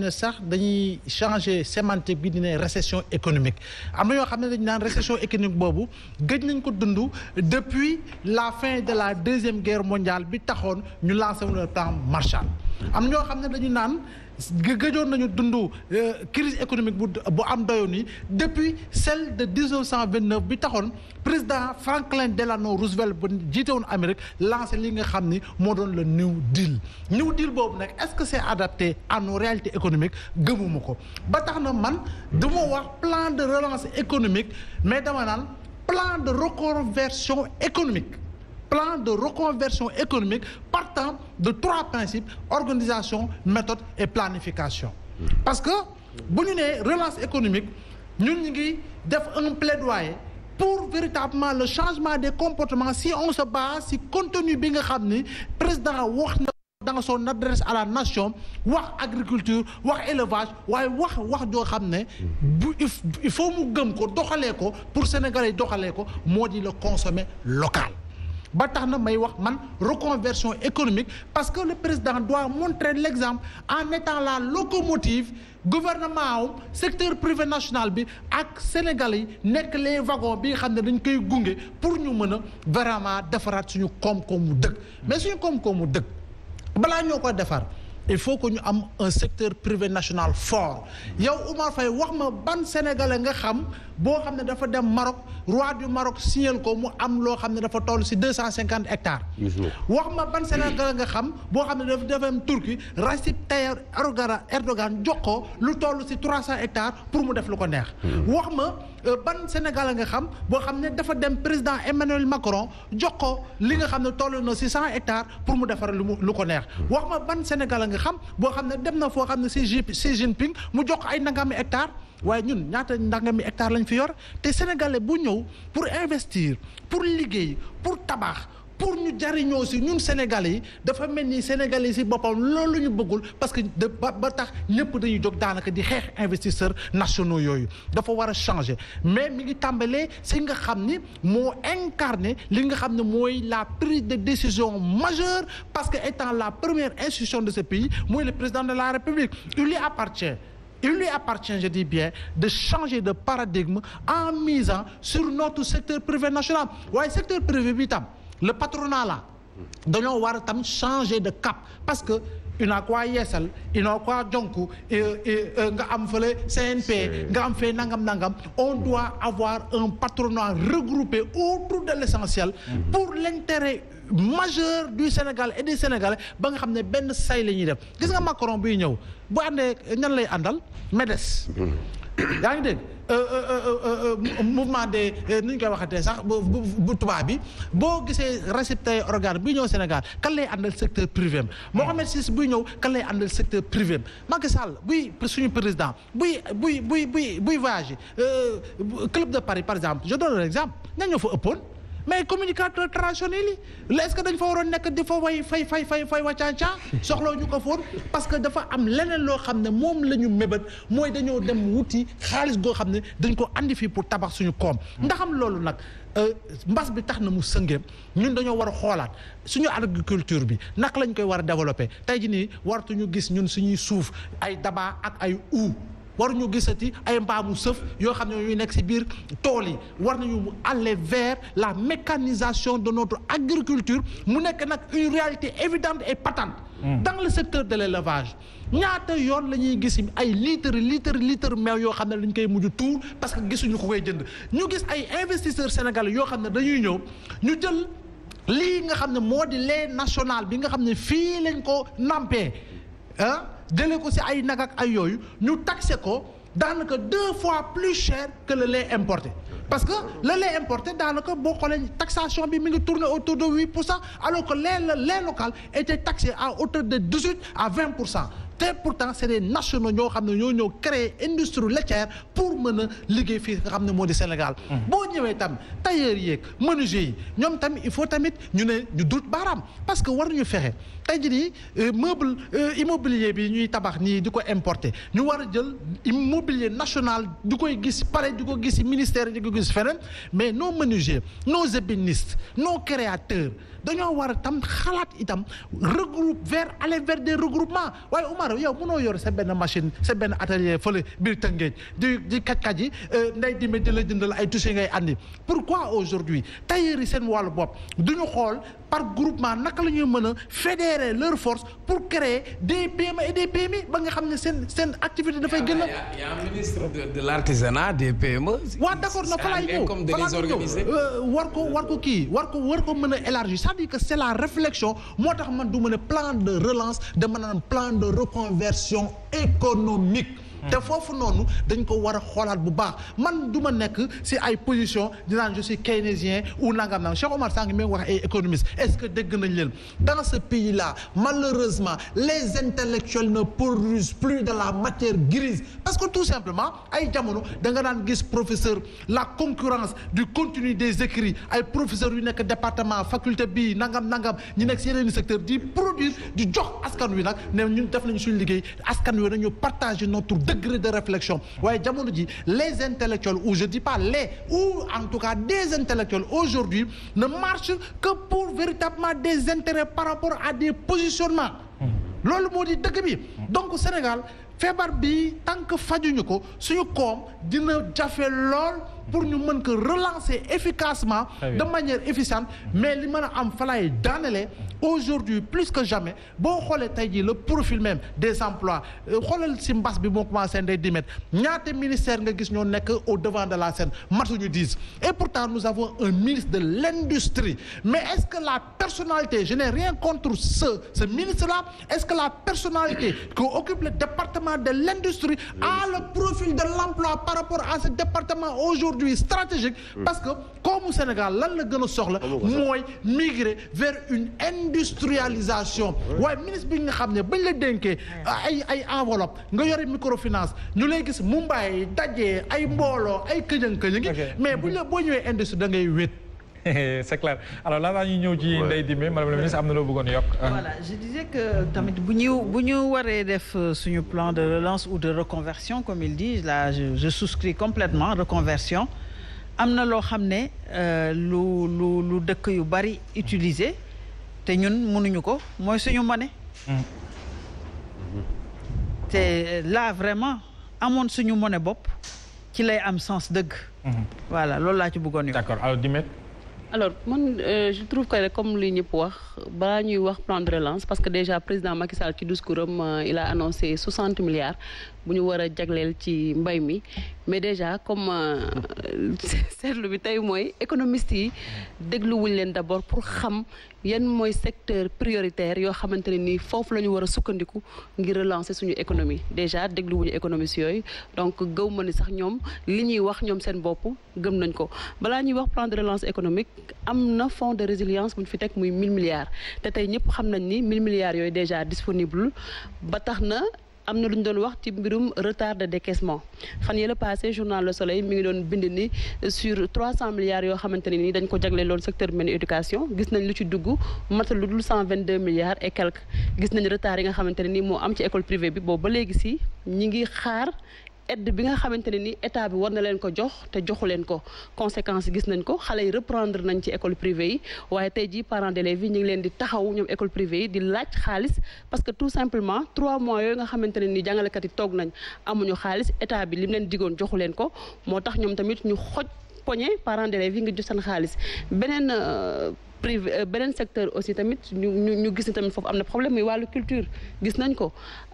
ne sax dañuy changer sémantique bi dina récession économique am na ñoo xam ne dañu naan récession économique boobu gëj nañ ko dund depuis la fin de la deuxième guerre mondiale bi taxoon ñu lancé wu le plan Marshall am ñoo xam ne dañu naan gëjoon nañu dund euh, crise économique bu bu am doyo nii depuis celle de 1929 bi taxoon président Franklin Delano Roosevelt ba jiite woon Amérique lancé li nga xam ni moo doon le New Deal New Deal boobu nag est-ce que c'est adapté à nos réalité économique gëmuma ko ba tax na man du ma wax plan de relance économique mais dama naan plan de reconversion économique plan de reconversion économique partant de trois principes organisation méthode et planification. parce que bu ñu nee relance économique ñun ñu ngi def un plaidoyer pour véritablement le changement des comportements si on se base si contenu bi nga xam ni président wax na. dans son adresse à la nation wax agriculture wax élevage waaye wax wax joo xam ne bu il faut mu gëm ko doxalee ko pour sénégalais doxalee ko moo di la consommer local ba tax na may wax man reconversion économique parce que le président doit montrer l'exemple en étant la locomotive gouvernement am secteur privé national bi ak Sénégal yi nekk les wagons bi xam ne dañ koy gunge pour ñu mën a vraiment defaraat suñu koom-koomu dëkk mais suñu koom-koomu dëkk balaa ñoo ko defar il faut que ñu am un secteur privé national fort yow Oumar Faye wax ma ban sénégalais nga xam boo xam ne dafa dem Maroc roi du Maroc signal ko mu am loo xam ne dafa toll si deux cent cinquante hectares. wax ma ban sénégalais nga xam boo xam ne dafa dafa dem Turquie Recep Tayyip Erdogan jox ko lu toll si trois cent hectares pour mu def lu ko neex. Hmm. wax ma euh, ban sénégalais nga xam boo xam ne dafa dem président Emmanuel Macron jox ko li nga xam ne toll na si cent hectares pour mu defar lu ko neex. Hmm. wax ma ban sénégalais nga xam boo xam ne dem na foo xam ne si Xi Jinping mu jox ay nangami hectare waaye ñun ñaata nangami hectare lañ fi yor te sénégalais bu ñëw pour investir pour liggéey pour tabax pour ñu jariñoo si ñun Sénégalais yi dafa mel ni Sénégalais si boppam loolu la ñu bëggul parce que de ba ba tax ñëpp dañuy jog daanaka di xeex investisseurs nationaux yooyu dafa war a changer mais mi ngi tàmbalee si nga xam ni moo incarner li nga xam ne mooy la prise de décision majeure parce que étant la première institution de ce pays mooy le président de la République il lui appartient il lui appartient je dis bien de changer de paradigme en misant sur notre secteur privé national waaye secteur privé bi tam le patronat là dañoo war a tam changer de cap parce que a UNACOIS Yessal UNACOIS Jonku euh, nga am fële CNP nga am fee nangam nangam on doit avoir un patronat regroupé autour de l'essentiel pour l'intérêt majeur du Sénégal et des Sénégalais ba nga xam ne benn say la ñuy def gis nga Macron buy ñëw bu àndee ñan lay àndal MEDES. Mm-hmm. yaa ngi dégg euh, euh, euh, mouvement des nu ñu koy waxatee sax bu bu tubaab bi boo gisee Recep Tayyip Erdogan buy ñëw Sénégal kan lay àndal secteur privé moo xam Sis buy ñëw kan lay àndal secteur privé am Sall buy suñu président buy buy buy buy buy voyagé club de Paris par exemple je donne un exemple ña ñoo ëppoon. mais communicateur traditionnel yi est-ce que dañ fa waroon nekk di fa way fay fay fay fay waccancaa soxlaw ñu ko foon parce que dafa am leneen loo xam ne moom la ñu mébét mooy dañoo dem wuti xaalis goo xam ne dañ ko andi fii pour tabax suñu koom ndaxam loolu nag euh, mbas bi tax na mu sëngee ñun dañoo war a xoolaat suñu agriculture bi naka lañ koy war a développer tey ji nii waratuñu gis ñun suñuy suuf ay daba ak ay uu war ñu gisati ay mbaamu sëf yoo xam ne ñuy nekk ci biir tool yi war na ñu aller vers la mécanisation de notre agriculture mu nekk nag une réalité évidente et patente hmm. dans le secteur de l'élevage ñaata yoon la ñuy gis ay litre litre litre meew yoo xam ne dañ koy mujj tuur parce que gisuñu ko koy jënd ñu gis ay investisseurs sénégalais yoo xam ne dañuy ñëw ñu jël lii nga xam ne moo di lait national bi nga xam ne fii lañ ko nampee ah jëlee ko si ay nag ay yooyu ñu taxé ko daanaka deux fois plus cher que le lait importé parce que le lait importé daanaka boo xoolee taxation bi mu ngi tourner autour de huit pour cent alors que lait le lait était taxé à hauteur de dix-huit à vingt pour cent te pourtant c'est des nationaux ñoo xam ne ñoo ñëw créer industrie laitière pour mën a liggéey fii nga xam ne moo di Sénégal. Mhm. boo ñëwee tam tailleur yeeg menuisier yi ñoom tam il faut tamit ñu ne ñu dut baaraam parce que war ñu fexe tey jii nii euh, meuble euh, immobilier bi ñuy tabax nii di ko importer ñu war a jël immobilier national di koy gis pare di ko gis ministère di ko gis feneen mais nos menuisiers nos ébénistes no créateurs dañoo war a tam xalaat itam regroupe vers aller vers Umar yow mënoo yor sa benn machine sa benn atelier fële biir Tëngéej di di kàjkàj yi euh, nday dime di la jëndal ay touché ngay andi pourquoi aujourd'hui tailleur yi seen wàllu bopp duñu xool par groupement naka la ñuy mën a fédérer leur force pour créer des PME et des PMI ba nga xam ne seen seen activité dafay gën a. de de l' artisanat des PME. waaw d' accord non fa laay ñëw euh, war ko war ko kii war ko war ko mën a élargir c'est-à-dire que c' est la réflexion moo tax man du ma plan de relance dama naan plan de reconversion économique. te foofu noonu dañ ko war a xoolaat bu baax man du ma nekk si ay position di je suis keynésien ou nangam nangam Cheikh Omar Sang mi ngi wax ay est-ce que dégg nañ leen dans ce pays là malheureusement les intellectuels pour produisent plus de la matière grise parce que tout simplement ay jamono danga nga daan gis professeur la concurrence du contenu des écrits ay professeurs yu nekk département faculté bi nangam nangam ñu nekk si yeneen secteur di produire di jox askan wi nag ne ñun def nañ suñu liggéey askan wi nañu partager notre degré de réflexion waaye jamono ji les intellectuels ou je dis pas les ou en tout cas des intellectuels aujourd'hui ne marchent que pour véritablement des intérêts par rapport à des positionnements loolu moo di dëkk bi donc Sénégal feebar bi tant que fajuñu ko suñu koom dina jafe lool pour ñu mën ko relancer efficacement de manière efficiente mais li mën a am falaay daanale aujourd'hui plus que jamais boo xoolee tey jii le profil même des emplois euh, xoolal si mbas bi boo commencé ndey di mettre ministère nga gis ñoo nekk au devant de la scène matuñu dix et pourtant nous avons un ministre de l'industrie mais est-ce que la personnalité je n'ai rien contre ce ce ministre là est-ce que la personnalité qui occupe le département de l'industrie a le profil de l'emploi par rapport à ce département aujourd'hui stratégique parce que comme Sénégal lan la gën soxla mooy migrer vers industrialisation waaye ministre bi nga xam ne bañ la dénkee ay ay enveloppe nga yore microfinance ñu lay gis Mumbai dajee ay mbooloo ay këjëng këjëng mais buñ la boo ñëwee industrie da ngay wét c'est clair alors laataa ñu ñëw ci Ndeye Dimbe madame la ministre am na loo bëggoon yokk. voilà je disais que tamit bu ñu bu ñu waree def euh, suñu plan de relance ou de reconversion comme il dit là je je souscris complètement reconversion am na loo xam ne euh, lu lu lu dëkk yu bari utiliser te ñun mënuñu ko mooy suñu mane mm. te là vraiment amoon suñu mone bopp ci lay am sens dëgg mm-hmm. voilà loolu laa ci bëggoon yow d'accord alors Dimet alors man euh, je trouve que comme li ñëpp wax balaa ñuy wax plan de relance parce que déjà président Macky Sall ci discours am euh, il a annoncé 60 milliards bu ñu war a jagleel ci mbay mi mais déjà comme euh, seetlu bi tey mooy économistes yi dégluwuñ leen d'abord pour xam yan mooy secteur prioritaire yoo xamante ne nii foofu la ñu war a sukkandiku ngir relancer suñu économie déjà dégluwuñu économistes yooyu donc gëw ma ni sax ñoom li ñuy wax ñoom seen bopp gëm nañ ko balaa ñuy wax plan de relance économique am na fond de résilience bu ñu fi teg muy 1000 milliards te tey ñëpp xam nañ ni 1000 milliards yooyu déjà disponible ba am na lu ñu doon wax ci mbirum retard de décaissement fan yële passé journal Le Soleil mi ngi doon bind ni sur 300 milliards yoo xamante ne ni dañ ko jagle loolu secteur mel ni éducation gis nañ lu ci dugg matal lu dul 122 milliards et quelques gis nañ retard yi nga xamante ni moo am ci école privée bi boobu ba léegi si ñi ngi xaar aide bi nga xamante ne ni état bi war na leen ko jox te joxu leen ko conséquence gis nañ ko xale yi reprendre nañ ci école privée yi waaye tey jii parents d'élèves yi ñu ngi leen di taxaw ñoom école privée yi di laaj xaalis parce que tout simplement trois mois yooyu nga xamante ne ni jàngalekat yi toog nañ amuñu xaalis état bi lim leen digoon joxu leen ko moo tax ñoom tamit ñu xoj poñe parents d'élèves yi ngi jot seen xaalis beneen euh, privé euh, beneen secteur aussi tamit ñu ñu ñu gis ni tamit foofu am na problème muy wàllu culture gis nañ ko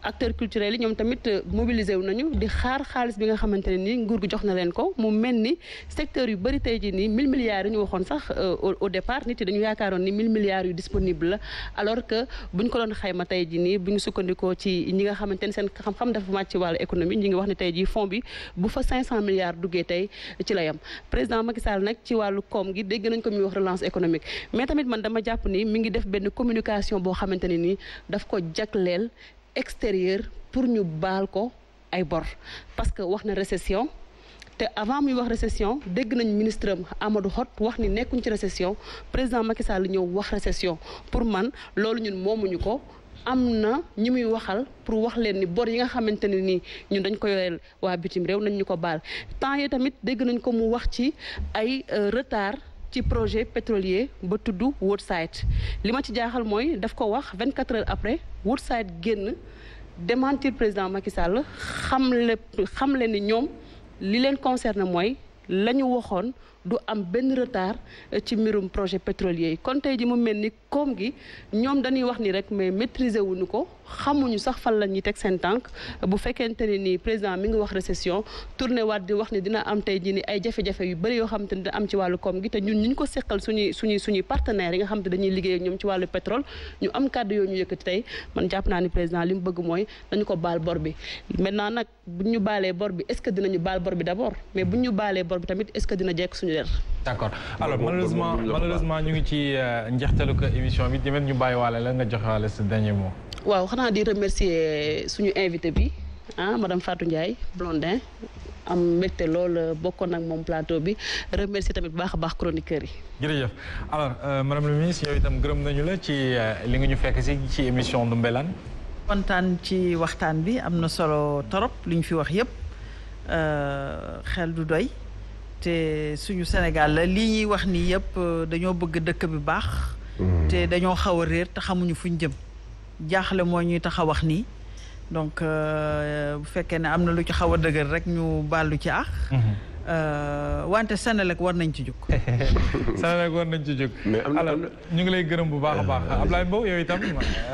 acteurs culturels yi ñoom tamit euh, mobilisé wu nañu di xaar xaalis bi nga xamante ne nii nguur gi jox na leen ko mu mel ni secteur yu bari tey jii nii 1000 milliards yi ñu waxoon sax euh, au départ nit yi dañu yaakaaroon ni 1000 milliards yu disponible la alors que buñ ko doon xayma tey jii nii bu ñu sukkandikoo ci ñi nga xamante ni seen xam-xam dafa màcc ci wàllu économie ñi ngi wax ne tey jii bi bu fa 500 milliards tey ci la yam président Macky nag ci wàllu koom gi dégg nañ ko muy wax relance économique mais tamit man dama jàpp ni mi ngi def benn communication boo xamante ne ni daf ko jagleel extérieur pour ñu baal ko ay bor parce que wax na récession te avant muy wax récession dégg nañ ministre am Amadou Hott wax ni nekkuñ ci récession président Macky Sall ñëw wax récession pour man loolu ñun moomuñu ko am na ñi muy waxal pour wax leen ni bor yi nga xamante ne nii ñun dañ ko yoreel waa bitim réew nañ ñu ko baal temps yi tamit dégg nañ ko mu wax ci ay euh, retard ci projet pétrolier ba tudd Woodside li ma ci jaaxal mooy daf ko wax 24 heures après Woodside génn démentir président Macky Sall xam le ni ñoom li leen concerne mooy la ñu waxoon du am benn retard euh, ci mbirum projet pétrolier yi kon tey ji mu mel ni koom gi ñoom dañuy wax nii rek mais wu wuñu ko xamuñu sax fan la ñuy teg seen tànk bu fekkente ne ni président mi ngi wax récession tourné waat di wax ni dina am tey ji ni ay jafe-jafe yu bëri yoo xam te ne dina am ci wàllu koom gi te ñun ñu ko seqal suñuy suñuy suñuy partenaires yi nga xam te dañuy liggéey ñoom ci wàllu pétrole ñu am kàddu yoo ñu tey man jàpp naa ni président li mu bëgg mooy dañu ko baal bor bor bi est-ce que dinañu baal bor wér. alors malheureusement ñu ngi ci euh, njeextalu ko émission bi di ñu bàyyi waale la nga joxe sa dernier mot. waaw xanaa di remercier euh, suñu invité bi ah madame Fatou Ndiaye Blondin am mbégte lool euh, bokkoon ak moom plateau bi remercier tamit baax a baax chroniqueurs yi. jërëjëf alors madame la ministre yow itam gërëm nañu la ci li nga ñu fekk si ci émission Ndoumbelane. kontaan ci waxtaan bi am na solo torop li ñu fi wax yëpp xel du doy. te suñu Sénégal la lii ñuy wax nii yëpp euh, dañoo bëgg dëkk bi baax. Mm. te dañoo xaw réer te xamuñu fuñ jëm. jaaxle mooy ñuy tax wax nii donc euh, bu fekkee ne am na lu ci xaw a dëgër rek ñu baalu ci ax mm-hmm. euh, wante Senelec war nañ ci jóg. Senelec war nañ ci jóg. ñu ngi lay gërëm bu baax a baax Ablaye Mbow yow itam.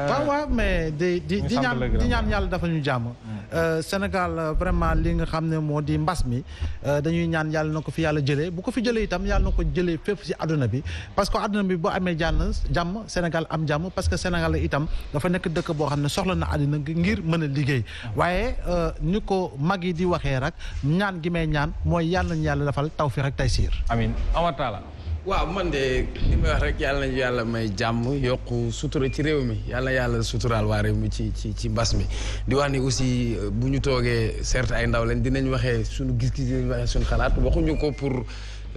waaw waaw mais di ñaan ñaan yàlla dafa ñu jàmm. Euh, Sénégal euh, vraiment li nga xam ne moo di mbas mi euh, dañuy ñaan yàlla na ko fi yàlla jëlee bu ko fi jëlee itam yàlla na ko jëlee fépp ci àdduna bi parce que àdduna bi boo amee jànn jàmm Sénégal am jàmm parce que Sénégal itam dafa nekk dëkk boo xam ne soxla na àddina ngir mën a liggéey waaye ni ko mag yi di waxee rek ñaan gi may ñaan mooy yàlla nañu yàlla defal tawfiq ak taysiir amiin Omar Talla waaw man de li may wax rek yàlla na yàlla may jàmm yokk sutura ci réew mi yàlla yàlla suturaal waa réew mi ci ci ci mbas mi di wax ni aussi euh, bu ñu toogee certes ay ndaw leen dinañ waxee suñu gis-gis dinañ waxee suñu xalaat waxuñu ko pour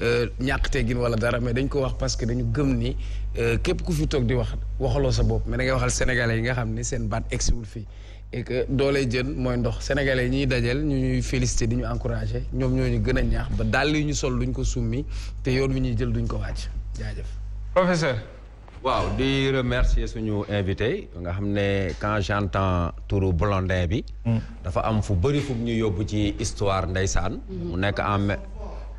euh, ñàkk teggin wala dara mais dañ ko wax parce que dañu gëm ni euh, képp ku fi toog di wax waxaloo sa bopp mais da ngay waxal sénégalais yi nga xam ni seen baat egsiwul fii et que doole jën mooy ndox sénégalais ñuy dajal ñu ñuy félicité di ñu encouragé ñoom ñoo ñu gën a ñaax ba dàll yi ñu sol duñ ko summi te yoon wi ñuy jël duñ ko wàcc jaajëf. professeur. waaw di remercier suñu invité nga xam ne quand j'entends turu Blondin bi. Mm. dafa am fu bëri fu ñu yóbbu ci histoire ndeysaan. Mm-hmm. mu nekk en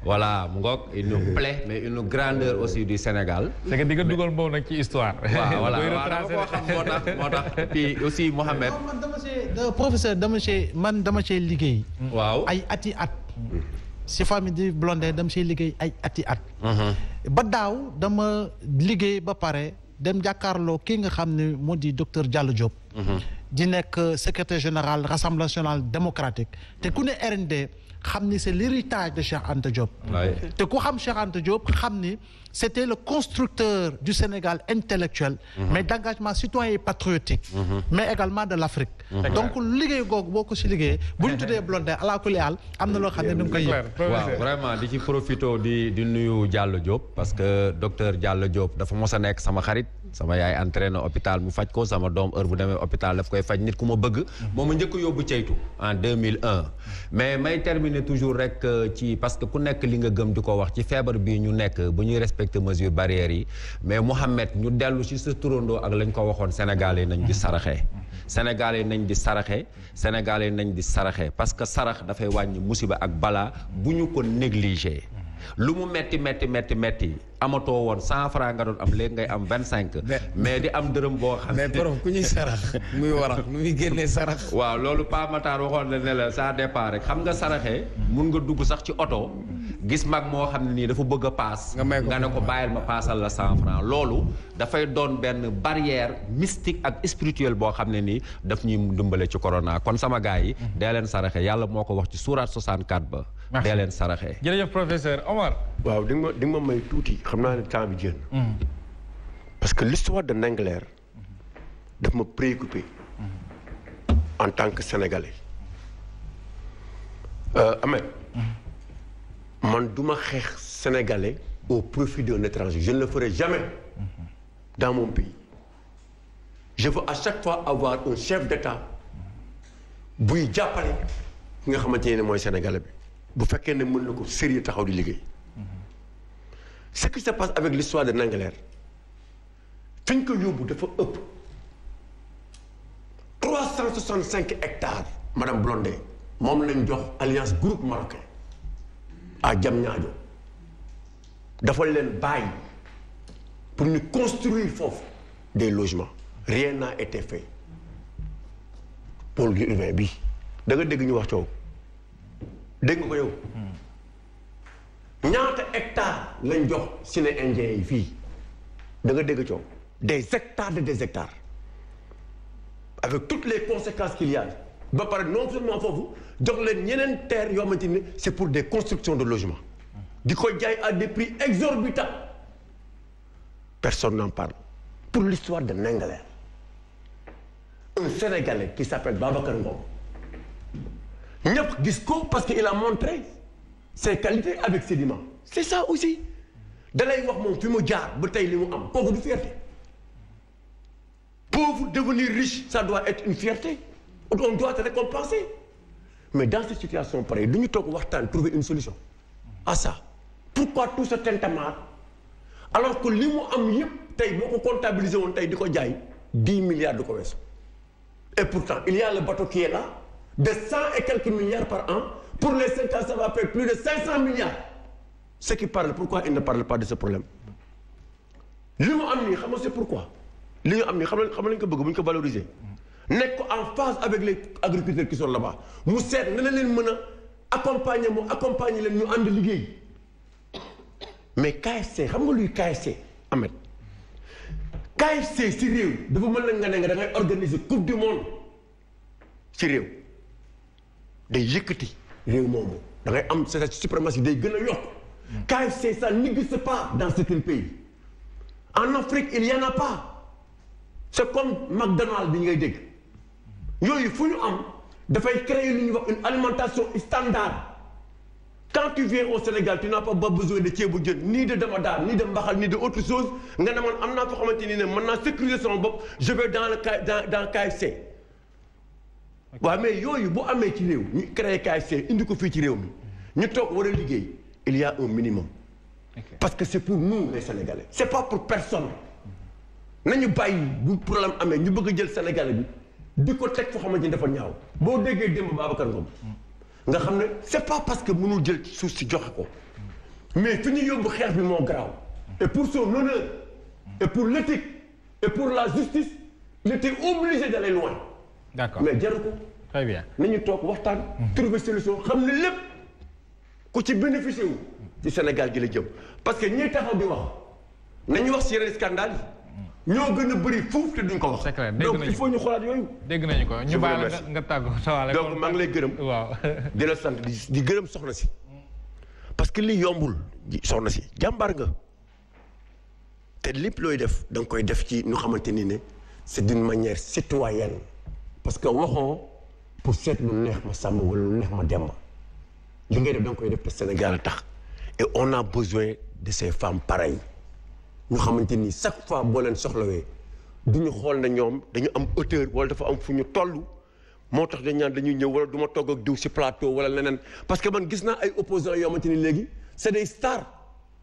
voilà mu ngoog il nous plaît mais une grandeur aussi du Sénégal. c'est que di nga dugal mbow nag ci histoire. waaw voilà waaw dama koo moo tax moo tax man dama cee euh, professeur dama cee man dama cee liggéey. waaw ay ati at. si famille di Blondin dama cee liggéey ay ati at. Mhm. ba daaw dama liggéey ba pare dem jàkkaarloo kii nga xam ne moo di docteur Diallo Diop. Mhm. di nekk euh, secretaire général Rassemblement national te ku ne RND. xam ni c'est l'héritage de Cheikh Anta Diop te ku xam Cheikh Anta Diop xam ni c'était le constructeur du Sénégal intellectuel mm -hmm. mais d'engagement citoyen et patriotique mhm. mais également de l'Afrique mm -hmm. donc liggéey googu boo ko si liggéeyee bu ñu tuddee Blondin alaa kulli am na loo xam ne nu ngi koy yëg waaw vraiment di ci profito di di nuyu Diallo Diop parce que docteur Diallo Diop dafa mos a nekk sama xarit sama yaay entraîné hôpital mu faj ko sama doom heure bu demee hôpital daf koy faj nit ku ma bëgg moom ma njëkk yóbbu ceytu en 2001 mais may terminer toujours rek euh, ci parce que ku nekk li nga gëm di ko wax ci feebar bii ñu nekk bu ñuy respecté mesure barrière yi mais Mouhamed ñu dellu ci sa turandoo ak lañ ko waxoon Sénégalais yi nañ di saraxee Sénégalais yi nañ di saraxee Sénégalais nañ di saraxee parce que sarax dafay wàññi musiba ak balaa bu ñu ko négligé lu mu metti metti metti metti amatoo woon cent franc nga doon am léegi ngay am vingt cinq mais di am dërëm boo xam mais borom ku ñuy sarax muy warax nu muy génnee sarax waaw loolu Pa Matar waxoon na ne la ça rek xam nga saraxee mun nga dugg sax ci oto gis mag moo xam ne nii dafa bëgg a paas nga ne ko bàyyil ma paasal la cent franc loolu dafay doon benn barrière mystique ak spirituelle boo xam ne nii daf ñuy dumbale ci corona kon sama gars yi mhm. dee leen saraxe yàlla moo ko wax ci suuraat 64 ba dee leen saraxe jërëjëf professeur Omar waaw di ma di nga ma may tuuti xam naa ne temps bi jën mhm. parce que l'histoire de Ndingler daf ma préoccupé mhm. en tant que sénégalais euh, man du ma xeex sénégalais au profit d'un étranger je ne le ferai jamais dans mon pays je veux à chaque fois avoir un chef d'État buy jàppale ki nga xamante ne mooy sénégalais bi bu fekkee ne mën na ko sérieux taxaw di liggéey ce qui se passe avec l'histoire de Ndingler fi ñu ko yóbbu dafa ëpp trois cent soixante cinq hectares madame Blondé moom lañ jox alliance groupe marocain ah jam Diamniadio dafa leen bàyyi pour ñu construire foofu des logements rien n'a été fait pôle urbain bi da dégg ñu wax coow dégg nga ko yow hmm. ñaata hectares lañ jox si ne indien yi fii da dégg coow des hectares de des hectares avec toutes les conséquences qu'il ba pare non seulement foofu jox leen ñeneen terre yoo xamante ni c'est pour des constructions de logements di ko jaay à des prix exorbitants personne n'en parle pour l'histoire de Ndingler un Sénégalais qui s'appelle Babacar Ngom ñëpp gis ko parce que il a montré ses qualités avec Sedima c'est ça aussi dalay wax moom fi mu jaar ba tey li mu am kooku du fierté pauvre devenir riche ça doit être une fierté on doit te mais dans cette situation pareille du ñu toog waxtaan trouver une solution à ça pourquoi tout ce tintamarre alors que li mu am yëpp tey boo ko comptabiliser woon tey di ko jaay dix milliards du ko weesu et pourtant il y a le bateau qui est là de cent et quelques milliards par an pour les cinq ans va faire plus de cinq cent milliards ce qui parle pourquoi il ne parle pas de ce problème li mu am nii xam nga c'est pourquoi li ñu am nii xam nga xam lañ ko bëgg mu ñu ko valoriser nekk ko en phase avec les agriculteurs qui sont là mu seet na la leen mën a accompagner mu accompagner leen ñu ànd liggéey mais KFC xam nga luy KFC Ahmed KFC si réew dafa mën na nga ne nga da ngay organiser coupe du monde si réew day yëkkati réew moomu da ngay am sa suprématie day gën a yokk KFC ça n'existe pas dans certains pays en Afrique il y en a pas c'est comme McDonald's bi ñu ngay dégg yooyu fu ñu am dafay créer lu ñuy wax une alimentation standard quand tu viens au Sénégal tu n'as pas besoin de ceebu jën ni de damadaar ni de mbaxal ni de autre chose nga ne man am naa foo xamante ni ne mën naa sécuriser sama bopp je vais dans le dans dans KFC. waaw mais yooyu bu amee ci réew ñu créé KFC indi ko fii ci réew mi ñu toog war a liggéey il y a un minimum. parce que c'est pour nous les Sénégalais. c'est pas pour personne nañu bàyyi bu problème amee ñu bëgg a jël Sénégalais bi. di ko teg foo xamante ni dafa ñaaw boo déggee démb Babacar Ngom nga xam ne c'est pas parce que mënul jël suuf si joxe ko mais fi ñu yóbbu xeex bi moo garaaw et pour son honneur et pour l'éthique et pour la justice il était obligé d'aller loin d'accord mais jaru ko très bien nañu toog waxtaan mm-hmm. trouver solution xam ne lépp ku ci bénéficier wu ci Sénégal gi la jëm parce que ñiy taxaw di na nañu wax si yeneen scandale yi ñoo gën a bëri fuuf te duñ ko wax. c'est clair dégg donc il faut ñu xoolaat yooyu. dégg nañu ko ñu bàyyi la nga tàggu tawaale. donc maa gërëm. waaw di sant di gërëm soxna si. que li yombul soxna si jàmbaar nga. te lépp looy def da nga koy def ci ñu xamante ni ne c'est d'une manière citoyenne parce que waxoo pour seet lu neex ma sàmm wala lu neex ma dem li ngay def da koy def te Sénégal tax et on a besoin de ces femmes pareilles. ñu xamante ni chaque fois boo leen soxlawee du ñu xool na ñoom dañu am hauteur wala dafa am fu ñu toll moo tax dañ naan dañuy ñëw wala du ma togg ak diw si plateau wala leneen parce que man gis naa ay opposants yoo xamante ni léegi c'est des stars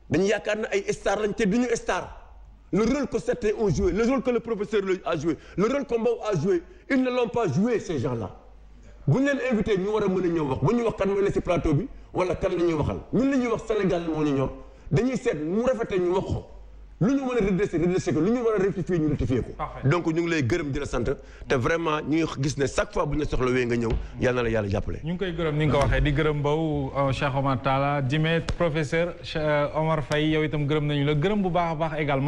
dañu yaakaar ne ay stars lañ te ñu star le rôle que certains ont joué le rôle que le professeur Lô a joué le rôle que Mbow a joué ils ne l'ont pas joué ces gens bu ñu leen invité ñu war a mën a ñëw wax bu ñu wax kan mooy ne bi wala kan la ñuy ñun li ñuy wax Sénégal moo ñu ñor dañuy seet mu ñu wax ko lu ñu mën a redresser redresser ko lu ñu war a rectifier ñu rectifier ko donc ñu ngi lay gërëm di la te vraiment ñu gis ne chaque fois bu ñu la soxla wee nga ñëw yal na la yàlla jàppale ñu ngi koy gërëm ni nga ko waxee di gërëm Mbow euh, Cheikh Omar Talla Jimé professeur euh, Omar Faye yow itam gërëm nañu la gërëm bu baax a baax également